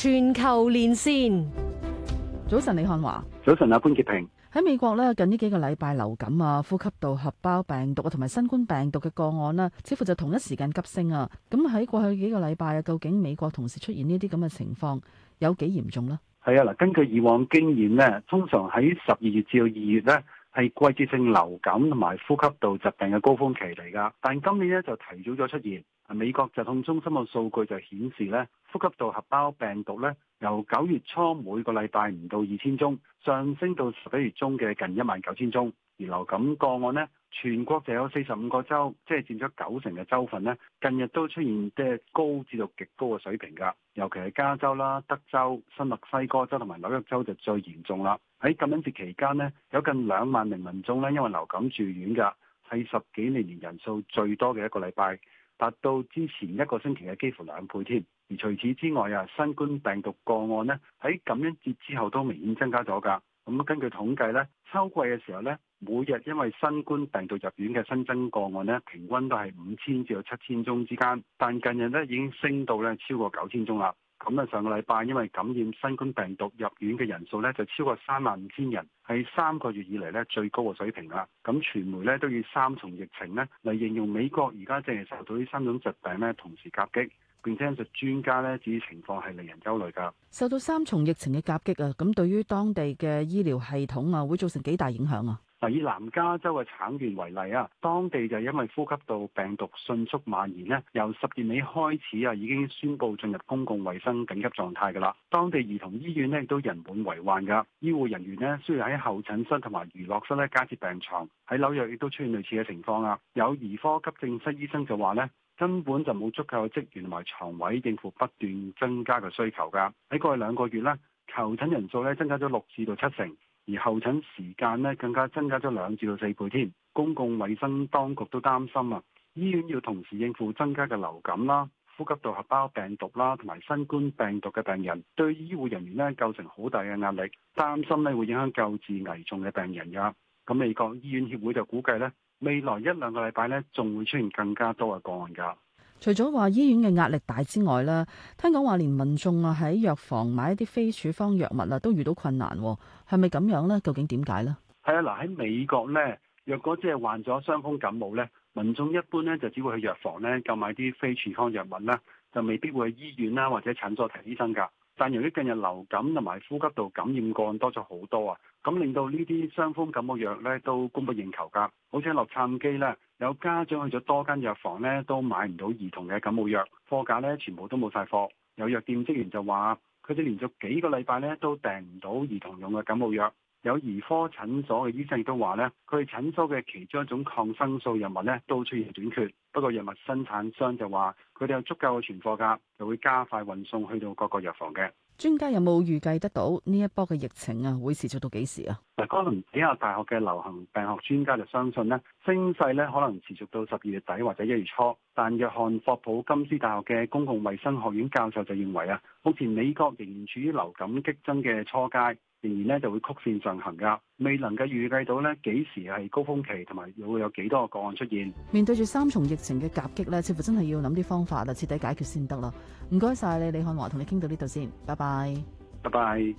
全球連線，早晨李漢華，早晨阿潘潔平。喺美國呢，近呢幾個禮拜流感啊、呼吸道合胞病毒啊同埋新冠病毒嘅個案呢，似乎就同一時間急升啊。咁喺過去幾個禮拜啊，究竟美國同時出現這些呢啲咁嘅情況有幾嚴重呢？係啊，嗱，根據以往經驗呢，通常喺十二月至到二月呢係季節性流感同埋呼吸道疾病嘅高峰期嚟噶，但今年呢，就提早咗出現。美國疾控中心嘅數據就顯示咧，呼吸道合胞病毒咧，由九月初每個禮拜唔到二千宗上升到十一月中嘅近一萬九千宗。而流感個案呢，全國就有四十五個州，即係佔咗九成嘅州份呢，近日都出現即係高至到極高嘅水平㗎。尤其係加州啦、德州、新墨西哥州同埋紐約州就最嚴重啦。喺感恩節期間呢，有近兩萬名民眾呢因為流感住院㗎，係十幾年嚟人數最多嘅一個禮拜，達到之前一個星期嘅幾乎兩倍添，而除此之外啊，新冠病毒個案呢喺感恩節之後都明顯增加咗㗎。咁根據統計咧，秋季嘅時候呢，每日因為新冠病毒入院嘅新增個案呢，平均都係五千至到七千宗之間，但近日呢已經升到超過九千宗啦。咁啊，上個禮拜因為感染新冠病毒入院嘅人數咧，就超過三萬五千人，係三個月以嚟咧最高嘅水平啦。咁傳媒咧都以三重疫情呢嚟形容美國而家正係受到呢三種疾病咧同時夾擊，並且就專家咧指情況係令人憂慮噶受到三重疫情嘅夾擊啊，咁對於當地嘅醫療系統啊，會造成幾大影響啊？嗱，以南加州嘅橙縣為例啊，當地就因為呼吸道病毒迅速蔓延咧，由十月尾開始啊，已經宣布進入公共衛生緊急狀態嘅啦。當地兒童醫院咧亦都人滿為患噶，醫護人員咧需要喺候診室同埋娛樂室咧加設病床。喺紐約亦都出現類似嘅情況啦。有兒科急症室醫生就話咧，根本就冇足夠嘅職員同埋床位應付不斷增加嘅需求㗎。喺過去兩個月咧，求診人數咧增加咗六至到七成。而候診時間呢更加增加咗兩至到四倍添，公共衛生當局都擔心啊，醫院要同時應付增加嘅流感啦、呼吸道合胞病毒啦同埋新冠病毒嘅病人，對醫護人員呢構成好大嘅壓力，擔心呢會影響救治危重嘅病人㗎。咁美國醫院協會就估計呢未來一兩個禮拜呢仲會出現更加多嘅個案㗎。除咗話醫院嘅壓力大之外咧，聽講話連民眾啊喺藥房買一啲非處方藥物啊都遇到困難，係咪咁樣呢？究竟點解呢？係啊，嗱喺美國呢，若果即係患咗傷風感冒呢，民眾一般呢就只會去藥房呢購買啲非處方藥物啦，就未必會去醫院啦或者診所睇醫生噶。但由於近日流感同埋呼吸道感染個案多咗好多啊，咁令到呢啲傷風感冒藥咧都供不應求噶，好似洛杉磯呢。有家長去咗多間藥房呢都買唔到兒童嘅感冒藥，貨架呢全部都冇晒貨。有藥店職員就話：佢哋連續幾個禮拜呢都訂唔到兒童用嘅感冒藥。有兒科診所嘅醫生亦都話呢，佢哋診所嘅其中一種抗生素藥物呢都出現短缺。不過藥物生產商就話：佢哋有足夠嘅存貨價，就會加快運送去到各個藥房嘅。專家有冇預計得到呢一波嘅疫情啊會持續到幾時啊？哥倫比亞大學嘅流行病學專家就相信咧，升勢可能持續到十二月底或者一月初。但約翰霍普金斯大學嘅公共衛生學院教授就認為啊，目前美國仍然處於流感激增嘅初階。仍然咧就會曲線進行噶，未能夠預計到咧幾時係高峰期，同埋會有幾多個個案出現。面對住三重疫情嘅夾擊咧，似乎真係要諗啲方法啦，徹底解決先得啦。唔該晒你，李漢華，同你傾到呢度先，拜拜。拜拜。